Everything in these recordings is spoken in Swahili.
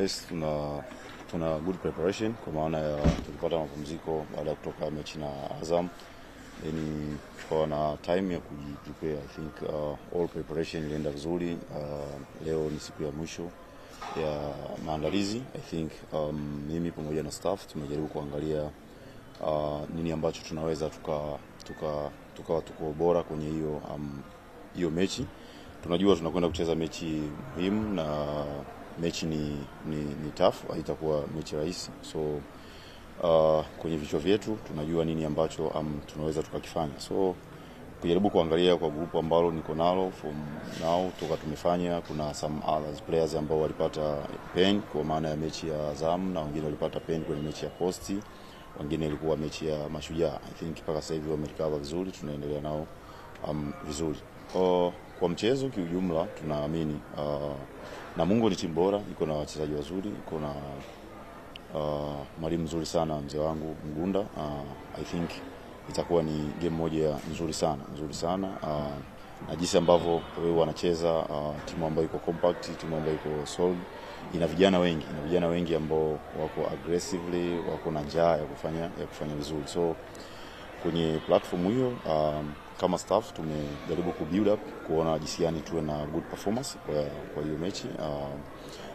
first tuna tuna good preparation kwa maana ya tulipata mapumziko baada ya kutoka mechi na Azam, yani tukawa na time ya kujiprepare. I think uh, all preparation ilienda vizuri. Uh, leo ni siku ya mwisho ya maandalizi. I think um, mimi pamoja na staff tumejaribu kuangalia uh, nini ambacho tunaweza tukawa tuka, tukawa tuko bora kwenye hiyo um, hiyo mechi. Tunajua tunakwenda kucheza mechi muhimu na mechi ni, ni, ni tough, haitakuwa mechi rahisi so uh, kwenye vichwa vyetu tunajua nini ambacho um, tunaweza tukakifanya so kujaribu kuangalia kwa grupu ambalo niko nalo from now toka tumefanya, kuna some others players ambao walipata pen kwa maana ya mechi ya Azam na wengine walipata pen kwenye mechi ya Posti, wengine ilikuwa mechi ya Mashujaa. I think mpaka sasa hivi wamerecover vizuri, tunaendelea nao um, vizuri. Uh, kwa mchezo kiujumla tunaamini uh, Namungo ni timu bora, iko na wachezaji wazuri, iko na uh, mwalimu mzuri sana mzee wangu Mgunda. Uh, I think itakuwa ni game moja nzuri sana nzuri sana uh, na jinsi ambavyo wewe wanacheza uh, timu ambayo iko compact, timu ambayo iko solid, ina vijana wengi ina vijana wengi ambao wako aggressively, wako na njaa ya kufanya ya kufanya vizuri so kwenye platform hiyo. Um, kama staff tumejaribu ku build up kuona jinsi gani tuwe na good performance kwa hiyo mechi um,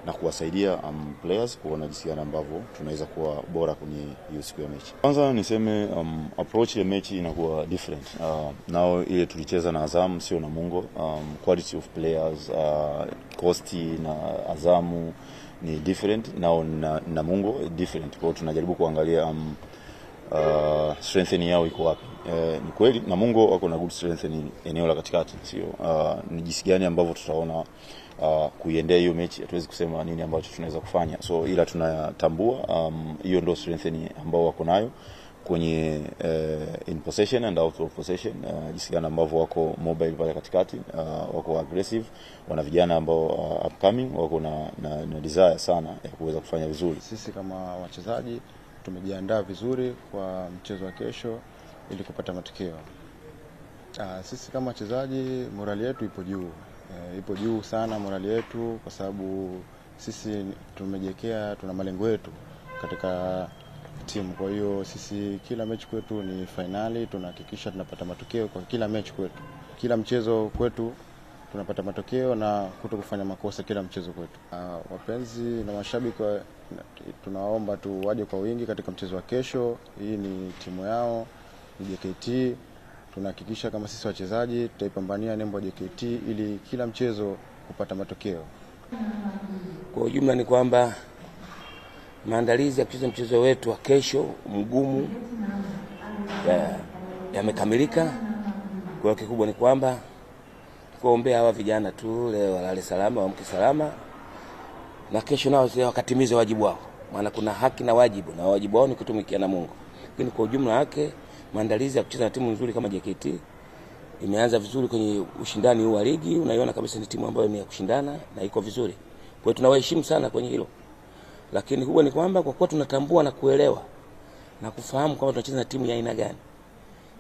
na kuwasaidia um, players kuona jinsi gani ambavyo tunaweza kuwa bora kwenye hiyo siku ya mechi. Kwanza niseme um, approach ya mechi inakuwa different uh, nao ile tulicheza na Azam sio na Mungo um, quality of players uh, kosti na Azamu ni different nao na, na Mungo different. Kwa hiyo tunajaribu kuangalia um, uh, strengthening yao iko wapi? Eh, ni kweli Namungo wako na good ni eneo la katikati, sio uh, ni jinsi gani ambavyo tutaona uh, kuiendea hiyo mechi, hatuwezi kusema nini ambacho tunaweza kufanya, so ila tunatambua um, hiyo um, ndio strengthening ambao wako nayo kwenye uh, in possession and out of possession uh, jinsi gani ambavyo wako mobile pale katikati uh, wako aggressive, wana vijana ambao uh, upcoming wako na, na, na desire sana ya kuweza kufanya vizuri. Sisi kama wachezaji tumejiandaa vizuri kwa mchezo wa kesho ili kupata matokeo. Ah, sisi kama wachezaji morali yetu ipo juu, e, ipo juu sana morali yetu, kwa sababu sisi tumejiwekea, tuna malengo yetu katika timu. Kwa hiyo sisi kila mechi kwetu ni fainali, tunahakikisha tunapata matokeo kwa kila mechi kwetu, kila mchezo kwetu tunapata matokeo na kuto kufanya makosa kila mchezo kwetu. Uh, wapenzi na mashabiki tunawaomba tu waje kwa wingi katika mchezo wa kesho. Hii ni timu yao, ni JKT. Tunahakikisha kama sisi wachezaji tutaipambania nembo ya JKT ili kila mchezo kupata matokeo. Kwa ujumla ni kwamba maandalizi ya kucheza mchezo wetu wa kesho mgumu yamekamilika. Ya kwa kikubwa ni kwamba kuombea hawa vijana tu, leo walale salama, waamke salama, na kesho nao wakatimize wajibu wao, maana kuna haki na wajibu, na wajibu wao ni kutumikia na Mungu. Lakini kwa ujumla wake maandalizi ya kucheza na timu nzuri kama JKT imeanza vizuri kwenye ushindani huu wa ligi, unaiona kabisa ni timu ambayo ni ya kushindana na iko vizuri. Kwa hiyo tunawaheshimu sana kwenye hilo, lakini kubwa ni kwamba kwa kuwa tunatambua na kuelewa na kufahamu kwamba tunacheza na timu ya aina gani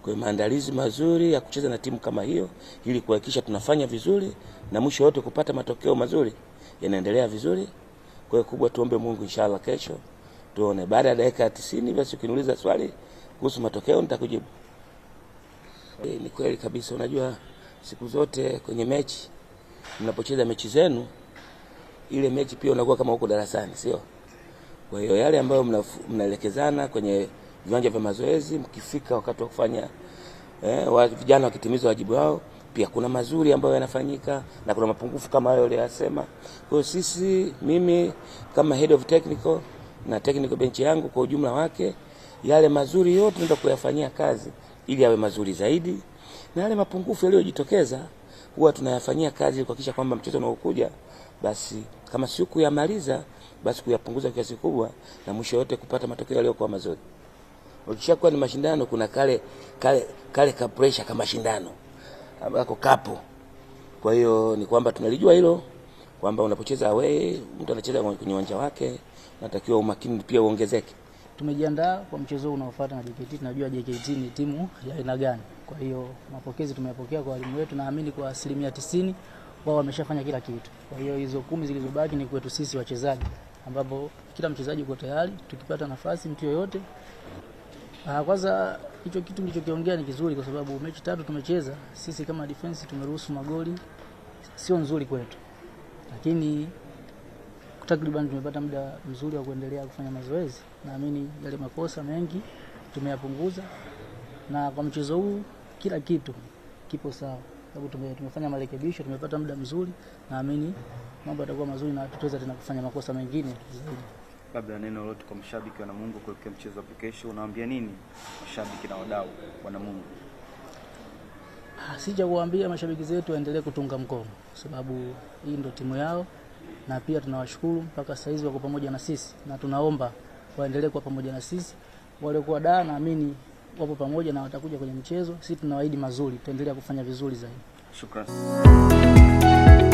kwa maandalizi mazuri ya kucheza na timu kama hiyo ili kuhakikisha tunafanya vizuri na mwisho wote kupata matokeo mazuri yanaendelea vizuri. Kwa kubwa, tuombe Mungu inshallah, kesho tuone. Baada ya dakika 90, basi ukiniuliza swali kuhusu matokeo nitakujibu. E, ni kweli kabisa. Unajua siku zote kwenye mechi, mnapocheza mechi zenu, ile mechi pia unakuwa kama uko darasani, sio? Kwa hiyo yale ambayo mnaelekezana kwenye viwanja vya mazoezi, mkifika wakati wa kufanya eh, wa vijana wakitimiza wajibu wao, pia kuna mazuri ambayo yanafanyika na kuna mapungufu kama hayo aliyosema. Kwa hiyo sisi, mimi kama head of technical na technical bench yangu kwa ujumla wake, yale mazuri yote ndio kuyafanyia kazi ili yawe mazuri zaidi, na yale mapungufu yaliyojitokeza huwa tunayafanyia kazi ili kuhakikisha kwamba mchezo unaokuja basi kama sio kuyamaliza basi kuyapunguza kiasi kubwa, na mwisho yote kupata matokeo yaliyokuwa mazuri. Ukishakuwa ni mashindano, kuna kale kale kale ka pressure kama mashindano ambako kapo. Kwa hiyo ni kwamba tunalijua hilo kwamba unapocheza away, mtu anacheza kwenye uwanja wake, natakiwa umakini pia uongezeke. Tumejiandaa kwa mchezo unaofuata na JKT. Tunajua JKT ni timu ya aina gani, kwa hiyo mapokezi tumeyapokea kwa walimu wetu, naamini kwa asilimia tisini wao wameshafanya kila kitu. Kwa hiyo hizo kumi zilizobaki ni kwetu sisi wachezaji, ambapo kila mchezaji uko tayari, tukipata nafasi mtu yoyote Ah, kwanza hicho kitu nilichokiongea ni kizuri kwa sababu mechi tatu tumecheza sisi kama defense tumeruhusu magoli, sio nzuri kwetu, lakini takriban tumepata muda mzuri wa kuendelea kufanya mazoezi. Naamini yale makosa mengi tumeyapunguza, na kwa mchezo huu kila kitu kipo sawa, sababu tume, tumefanya marekebisho, tumepata muda mzuri, naamini mambo yatakuwa mazuri na tutaweza tena kufanya makosa mengine zaidi labda neno lolote kwa mashabiki wa Namungo kuelekea mchezo wa kesho, unawaambia nini mashabiki na wadau wa Namungo? Ah, Sija kuambia mashabiki zetu waendelee kutunga mkono, kwa sababu hii ndio timu yao, na pia tunawashukuru mpaka sasa hizi wako pamoja na sisi, na tunaomba waendelee kuwa pamoja na sisi. Waliokuwa daa, naamini wapo pamoja na watakuja kwenye mchezo. Sisi tunawaahidi mazuri, tutaendelea kufanya vizuri zaidi. Shukrani.